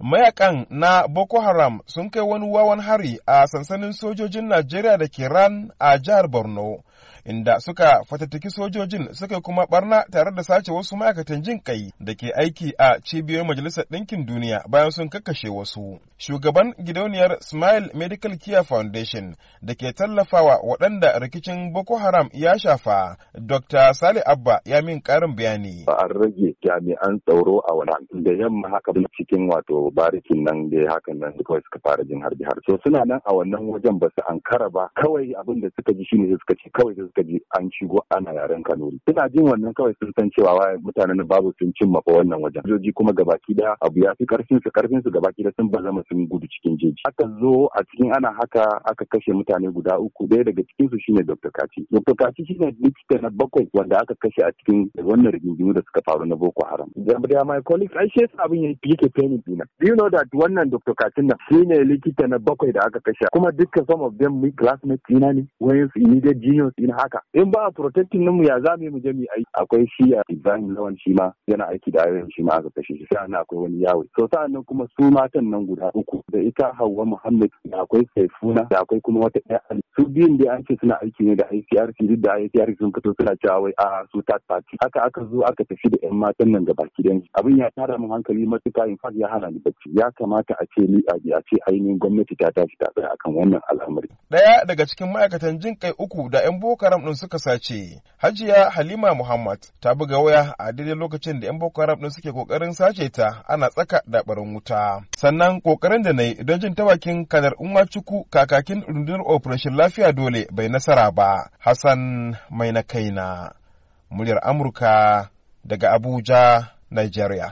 mayakan na Boko Haram sun kai wani wawan hari a sansanin sojojin Najeriya da ke ran a jihar Borno. inda suka fatattaki sojojin suka kuma barna tare da sace wasu ma'aikatan jin kai da ke aiki a cibiyoyin majalisar ɗinkin duniya bayan sun kakkashe wasu shugaban gidauniyar smile medical care foundation da ke tallafawa waɗanda rikicin boko haram ya shafa dr sale abba ya min ƙarin bayani an rage jami'an tsaro a wani da yamma haka cikin wato barikin nan da hakan nan kawai suka fara jin harbi har so suna nan a wannan wajen ba su ankara ba kawai abin da suka ji shine suka ce kawai kawai da suka ji an shigo ana yaren kanuri suna jin wannan kawai sun san cewa wa mutanen babu sun cimma fa wannan wajen sojoji kuma gabaki daya abu ya fi karfin su karfin su gabaki da sun bazama sun gudu cikin jeji aka zo a cikin ana haka aka kashe mutane guda uku daya daga cikin su shine Dr. Kaci Dr. Kaci shine likita na bakwai wanda aka kashe a cikin wannan rigingimu da suka faru na Boko Haram da my colleagues ai shi abin yake pain dina do you know that wannan Dr. Kaci na shine likita na bakwai da aka kashe kuma dukkan some of them classmates ina ne wayansu immediate genius din haka in ba a protecting mu ya za mu je mu aiki akwai shi Ibrahim Lawan shi ma yana aiki da ayoyin shi ma aka kashe shi Sai ana akwai wani yawo so sa'an nan kuma su matan nan guda uku da ita Hauwa Muhammad da akwai Saifuna da akwai kuma wata ɗaya su biyun da an ce suna aiki ne da ICRC duk da ICRC sun fito suna cewa wai a su ta party haka aka zo aka tafi da 'yan matan nan gaba dan abin ya tara mun hankali matuka in fact ya hana ni bacci ya kamata a ce ni a ce ainihin gwamnati ta tashi ta tsaya akan wannan al'amari ɗaya daga cikin ma'aikatan jin kai uku da 'yan Boko Haram ɗin suka sace. Hajiya Halima Muhammad ta buga waya a daidai lokacin da 'yan Boko Haram ɗin suke kokarin sace ta ana tsaka da barin wuta. Sannan kokarin da na yi don jin tawakin unwa cuku kakakin rundunar Operation Lafiya Dole bai nasara ba. Hassan Mai na kaina. Muryar Amurka daga Abuja, Nigeria.